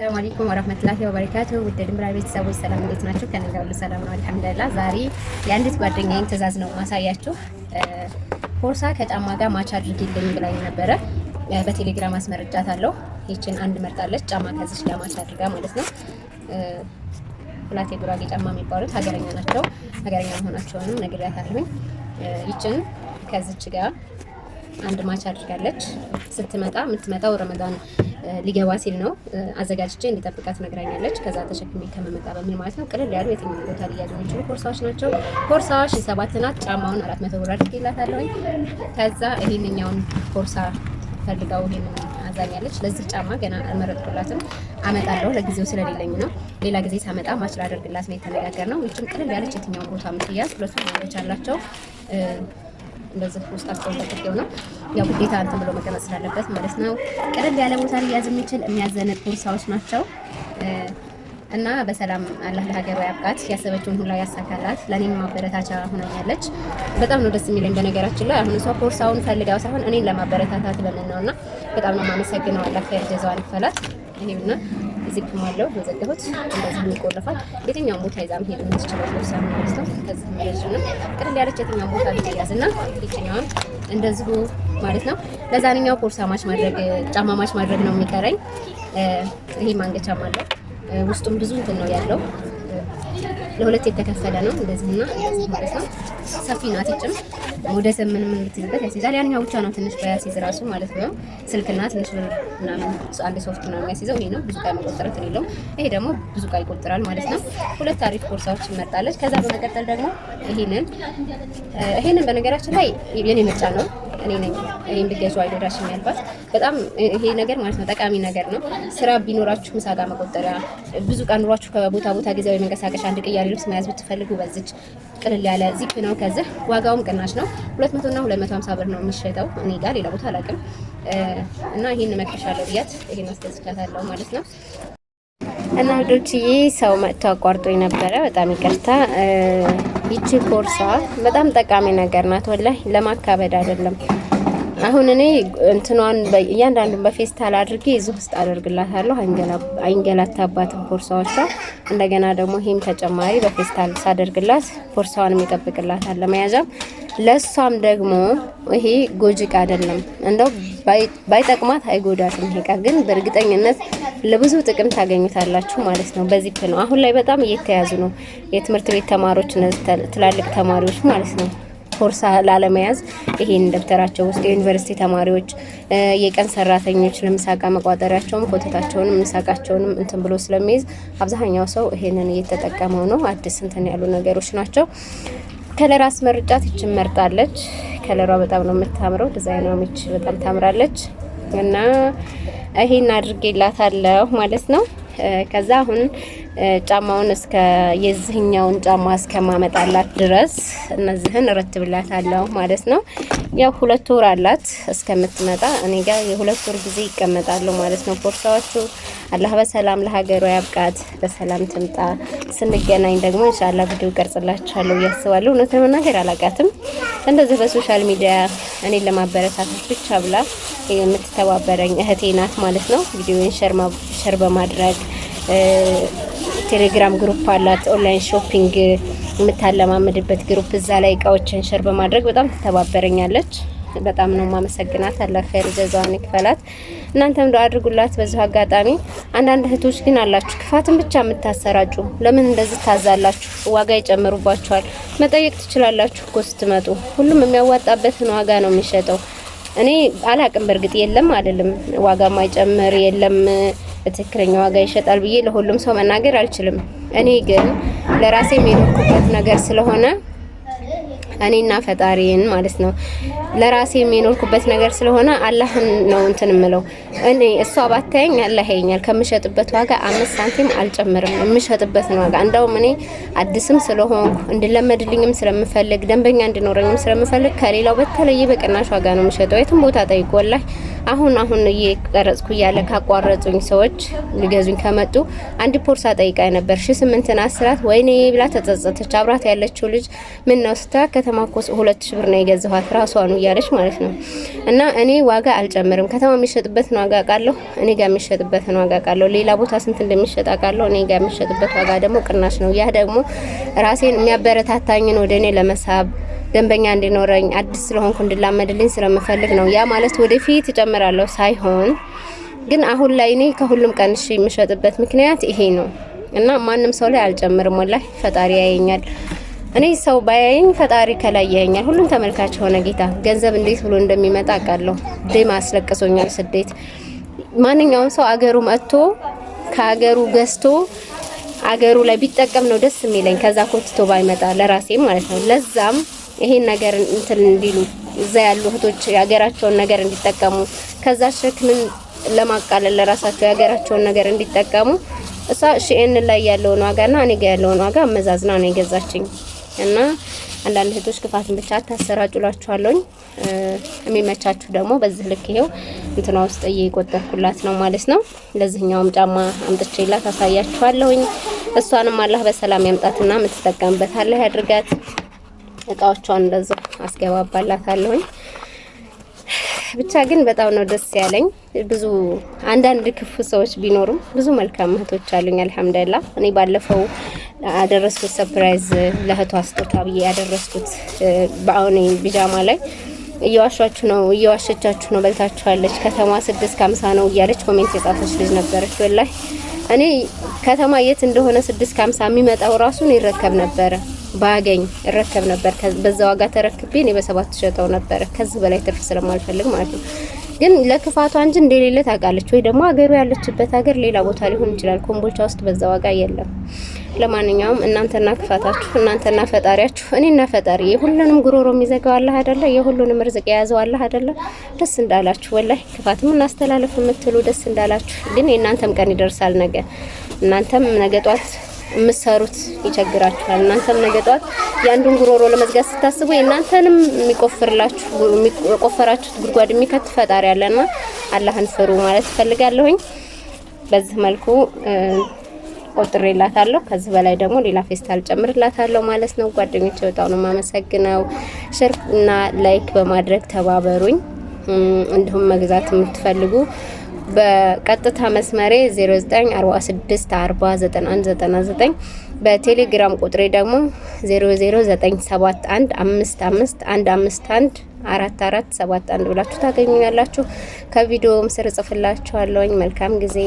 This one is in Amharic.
ሰላም አለይኩም ወራህመቱላሂ ወበረካቱ። ውድ ድምራ ቤተሰቦች ሰላም እንዴት ናችሁ? ከነጋ ሁሉ ሰላም ነው አልሐምዱሊላህ። ዛሬ የአንዲት ጓደኛዬን ትዕዛዝ ነው ማሳያችሁ። ቦርሳ ከጫማ ጋር ማች አድርጊልኝ ብላኝ ነበረ። በቴሌግራም አስመርጫታለሁ። ይችን አንድ መርጣለች። ጫማ ከዚች ጋር ማች አድርጋ ማለት ነው። ሁላት የጉራጌ ጫማ የሚባሉት ሀገረኛ ናቸው። ሀገረኛ መሆናቸውንም ነግሬያታለሁኝ። ይችን ከዚች ጋር አንድ ማች አድርጋለች። ስትመጣ የምትመጣው ረመዳን ሊገባ ሲል ነው። አዘጋጅቼ እንዲጠብቃት ነግራኛለች። ከዛ ተሸክሜ ከመመጣ በሚል ማለት ነው። ቅልል ያሉ የትኛው ቦታ ሊያዙ የሚችሉ ኮርሳዎች ናቸው። ኮርሳዎች የሰባት ናት። ጫማውን አራት መቶ ብር አድርጌላታለሁ። ከዛ ይህንኛውን ኮርሳ ፈልጋው ይህንን አዛኛለች። ለዚህ ጫማ ገና አልመረጥኩላትም፣ አመጣለሁ። ለጊዜው ስለሌለኝ ነው። ሌላ ጊዜ ሳመጣ ማች ላደርግላት ነው የተነጋገርነው። ይችም ቅልል ያለች የትኛውን ቦታ የምትያዝ ሁለቱ ማለች አላቸው። እንደዚህ ውስጣቸውን ተጠቅየው ነው ያው ግዴታ እንትን ብሎ መቀመጥ ስላለበት ማለት ነው። ቀለል ያለ ቦታ ሊያዝ የሚችል የሚያዘንጥ ቦርሳዎች ናቸው እና በሰላም አላህ ለሀገሯ ያብቃት፣ ያሰበችውን ሁላ ያሳካላት። ለእኔም ማበረታቻ ሆናኛለች። በጣም ነው ደስ የሚለኝ። በነገራችን ላይ አሁን እሷ ቦርሳውን ፈልጋው ሳይሆን እኔን ለማበረታታት ለምን ነው እና በጣም ነው የማመሰግነው። አላህ ኸይር ጀዛዋን ይክፈላት። ይሄውና እዚህ ቅማለሁ በዘገበት እንደዚህ የሚቆለፋል የትኛውን ቦታ ይዛ መሄድ የምትችለው ልብሳ ሚነስተው ከዚህ ምንም ቅድል ያለች የትኛውን ቦታ ልትያዝ እና ይችኛዋን እንደዚሁ ማለት ነው። ለዛንኛው ቦርሳ ማች ማድረግ ጫማ ማች ማድረግ ነው የሚቀረኝ። ይሄ ማንገቻም አለው ውስጡም ብዙ እንትን ነው ያለው ለሁለት የተከፈለ ነው። እንደዚህ እና ነው። ሰፊ ነው። አትጭም ወደ ዘመን ምን የምትይዝበት ያስይዛል። ያኛው ብቻ ነው ትንሽ በያስይዝ ራሱ ማለት ነው። ስልክና ትንሽ ምናምን አንድ ሶፍት ምናምን የሚያስይዘው። ይሄ ነው ብዙ ዕቃ መቆጠረት የሌለውም። ይሄ ደግሞ ብዙ ቃይ ይቆጥራል ማለት ነው። ሁለት አሪፍ ቦርሳዎች ይመጣለች። ከዛ በመቀጠል ደግሞ ይሄንን ይሄንን በነገራችን ላይ የኔ ምርጫ ነው እኔ ነኝ እኔ እንድገዙ አይዶዳሽ የሚያልባት በጣም ይሄ ነገር ማለት ነው ጠቃሚ ነገር ነው። ስራ ቢኖራችሁ ምሳ ጋር መቆጠሪያ፣ ብዙ ቀን ኑሯችሁ ከቦታ ቦታ ጊዜያዊ መንቀሳቀሻ፣ አንድ ቅያሪ ልብስ መያዝ ብትፈልጉ በዚች ቅልል ያለ ዚፕ ነው። ከዚህ ዋጋውም ቅናሽ ነው። 200 እና 250 ብር ነው የምሸጠው እኔ ጋር ሌላ ቦታ አላውቅም። እና ይሄን እመክርሻለሁ ብያት ይሄን አስገዝቻታለሁ ማለት ነው። እና ውዶችዬ ሰው መጥቶ አቋርጦ ነበረ። በጣም ይቅርታ። ይቺ ቦርሳ በጣም ጠቃሚ ነገር ናት። ወላሂ ለማካበድ አይደለም። አሁን እኔ እንትኗን እያንዳንዱን በፌስታል አድርጌ እዚህ ውስጥ አደርግላታለሁ። አይንገላታባትም ቦርሳዎቿ። እንደገና ደግሞ ይህም ተጨማሪ በፌስታል ሳደርግላት ቦርሳዋንም ይጠብቅላታል ለመያዣም ለእሷም ደግሞ ይሄ ጎጂ እቃ አይደለም። እንደው ባይጠቅማት አይጎዳትም። ይሄ እቃ ግን በእርግጠኝነት ለብዙ ጥቅም ታገኙታላችሁ ማለት ነው። በዚፕ ነው አሁን ላይ በጣም እየተያዙ ነው የትምህርት ቤት ተማሪዎች፣ ትላልቅ ተማሪዎች ማለት ነው ቦርሳ ላለመያዝ ይሄን ደብተራቸው ውስጥ የዩኒቨርሲቲ ተማሪዎች፣ የቀን ሰራተኞች ለምሳቃ መቋጠሪያቸውም ኮተታቸውንም ምሳቃቸውንም እንትን ብሎ ስለሚይዝ አብዛኛው ሰው ይሄንን እየተጠቀመው ነው። አዲስ እንትን ያሉ ነገሮች ናቸው። ከለር አስመርጫት ይችን መርጣለች። ከለሯ በጣም ነው የምታምረው። ዲዛይኗም ይች በጣም ታምራለች እና ይሄን አድርጌላታለሁ ማለት ነው ከዛ አሁን ጫማውን እስከ የዚህኛውን ጫማ እስከማመጣላት ድረስ እነዚህን እረትብላት አለው ማለት ነው። ያው ሁለት ወር አላት እስከምትመጣ እኔ ጋር የሁለት ወር ጊዜ ይቀመጣሉ ማለት ነው ቦርሳዎቹ። አላህ በሰላም ለሀገሯ ያብቃት፣ በሰላም ትምጣ። ስንገናኝ ደግሞ እንሻላ ቪዲዮ ቀርጽላችኋለሁ እያስባለሁ። እውነት ለመናገር አላውቃትም። እንደዚህ በሶሻል ሚዲያ እኔን ለማበረታታት ብቻ ብላ የምትተባበረኝ እህቴ ናት ማለት ነው። ቪዲዮን ሸር በማድረግ ቴሌግራም ግሩፕ አላት። ኦንላይን ሾፒንግ የምታለማመድበት ግሩፕ እዛ ላይ እቃዎችን ሸር በማድረግ በጣም ትተባበረኛለች። በጣም ነው ማመሰግናት። አላህ ኸይር ይክፈላት። እናንተም አድርጉላት። በዚሁ አጋጣሚ አንዳንድ እህቶች ግን አላችሁ ክፋትን ብቻ የምታሰራጩ ለምን እንደዚህ ታዛላችሁ? ዋጋ ይጨምሩባችኋል። መጠየቅ ትችላላችሁ እኮ ስትመጡ። ሁሉም የሚያዋጣበትን ዋጋ ነው የሚሸጠው። እኔ አላቅም፣ በእርግጥ የለም አይደለም ዋጋ ማይጨምር የለም በትክክለኛ ዋጋ ይሸጣል ብዬ ለሁሉም ሰው መናገር አልችልም። እኔ ግን ለራሴ የሚኖርኩበት ነገር ስለሆነ እኔና ፈጣሪን ማለት ነው ለራሴ የሚኖርኩበት ነገር ስለሆነ አላህን ነው እንትን ምለው። እኔ እሷ ባታየኝ አላህ ያየኛል። ከምሸጥበት ዋጋ አምስት ሳንቲም አልጨምርም፣ የምሸጥበትን ዋጋ እንደውም እኔ አዲስም ስለሆንኩ እንድለመድልኝም ስለምፈልግ ደንበኛ እንድኖረኝም ስለምፈልግ ከሌላው በተለየ በቅናሽ ዋጋ ነው የምሸጠው የትም ቦታ ጠይቆ አሁን አሁን እየቀረጽኩ እያለ ካቋረጹኝ ሰዎች ሊገዙኝ ከመጡ አንድ ፖርሳ ጠይቃ ነበር ሺ ስምንትን አስራት ወይኔ ብላ ተጸጸተች። አብራት ያለችው ልጅ ምን ነው ስታ ከተማ እኮ ሁለት ሺ ብር ነው የገዛኋት ራሷኑ እያለች ማለት ነው። እና እኔ ዋጋ አልጨምርም። ከተማ የሚሸጥበትን ዋጋ አውቃለሁ፣ እኔ ጋር የሚሸጥበትን ዋጋ አውቃለሁ። ሌላ ቦታ ስንት እንደሚሸጥ አውቃለሁ። እኔ ጋር የሚሸጥበት ዋጋ ደግሞ ቅናሽ ነው። ያ ደግሞ ራሴን የሚያበረታታኝን ወደ እኔ ለመሳብ ደንበኛ እንዲኖረኝ አዲስ ስለሆንኩ እንድላመድልኝ ስለምፈልግ ነው። ያ ማለት ወደፊት እጨምራለሁ ሳይሆን ግን አሁን ላይ እኔ ከሁሉም እሺ የምሸጥበት ምክንያት ይሄ ነው እና ማንም ሰው ላይ አልጨምርም። ወላሂ ፈጣሪ ያየኛል። እኔ ሰው ባያየኝ ፈጣሪ ከላይ ያየኛል። ሁሉም ተመልካች የሆነ ጌታ ገንዘብ እንዴት ብሎ እንደሚመጣ አውቃለሁ። ደም አስለቅሶኛል ስደት። ማንኛውም ሰው አገሩ መጥቶ ከአገሩ ገዝቶ አገሩ ላይ ቢጠቀም ነው ደስ የሚለኝ ከዛ ኮትቶ ባይመጣ ለራሴ ማለት ነው። ለዛም ይሄን ነገር እንትን እንዲሉ እዛ ያሉ እህቶች የሀገራቸውን ነገር እንዲጠቀሙ ከዛ ሸክምን ለማቃለል ለራሳቸው የሀገራቸውን ነገር እንዲጠቀሙ እሷ ሺኤን ላይ ያለውን ዋጋና እኔ ጋር ያለውን ዋጋ መዛዝና ነው የገዛችኝ። እና አንዳንድ እህቶች ክፋትን ብቻ ታሰራጩላችኋለሁኝ። የሚመቻችሁ ደግሞ በዚህ ልክ ይሄው እንትና ውስጥ እየቆጠርኩላት ነው ማለት ነው። ለዚህኛውም ጫማ አምጥቼላት አሳያችኋለሁኝ። እሷንም አላህ በሰላም ያምጣትና የምትጠቀምበት አላህ ያድርጋት። እቃዎቿን እንደዛ አስገባባላታለሁኝ። ብቻ ግን በጣም ነው ደስ ያለኝ። ብዙ አንዳንድ ክፉ ሰዎች ቢኖሩም ብዙ መልካም እህቶች አሉኝ። አልሐምዱሊላ እኔ ባለፈው ያደረስኩት ሰርፕራይዝ ለእህቷ ስጦታ ብዬ ያደረስኩት በአሁን ቢጃማ ላይ እየዋሻችሁ ነው እየዋሸቻችሁ ነው በልታችኋለች፣ ከተማ ስድስት ከሀምሳ ነው እያለች ኮሜንት የጻፈች ልጅ ነበረች። ወላይ እኔ ከተማ የት እንደሆነ ስድስት ከሀምሳ የሚመጣው ራሱን ይረከብ ነበረ ባገኝ እረከብ ነበር። በዛ ዋጋ ተረክቤ እኔ በሰባት ሸጠው ነበር። ከዚህ በላይ ትርፍ ስለማልፈልግ ማለት ነው። ግን ለክፋቷ እንጂ እንደሌለ ታውቃለች። ወይ ደግሞ ሀገሩ ያለችበት ሀገር ሌላ ቦታ ሊሆን ይችላል። ኮምቦልቻ ውስጥ በዛ ዋጋ የለም። ለማንኛውም እናንተና ክፋታችሁ፣ እናንተና ፈጣሪያችሁ። እኔና ፈጣሪ የሁሉንም ጉሮሮ የሚዘጋው አላህ አይደለ? የሁሉንም ርዝቅ የያዘው አላህ አይደለ? ደስ እንዳላችሁ ወላሂ፣ ክፋትም እናስተላለፍ የምትሉ ደስ እንዳላችሁ። ግን የእናንተም ቀን ይደርሳል ነገ እናንተም ነገ ጧት የምትሰሩት ይቸግራችኋል። እናንተም ነገ ጠዋት የአንዱን ጉሮሮ ለመዝጋት ስታስቡ የእናንተንም የሚቆፍርላችሁ የቆፈራችሁት ጉድጓድ የሚከት ፈጣሪ አለና አላህን ፍሩ ማለት እፈልጋለሁኝ። በዚህ መልኩ ቆጥሬላታለሁ። ከዚህ በላይ ደግሞ ሌላ ፌስታል ጨምርላታለሁ ማለት ነው። ጓደኞች በጣም ነው የማመሰግነው። ሼር እና ላይክ በማድረግ ተባበሩኝ። እንዲሁም መግዛት የምትፈልጉ በቀጥታ መስመሬ 0946409199 በቴሌግራም ቁጥሬ ደግሞ 4471 ብላችሁ ታገኙኛላችሁ። ከቪዲዮም ስር ጽፍላችኋለሁኝ። መልካም ጊዜ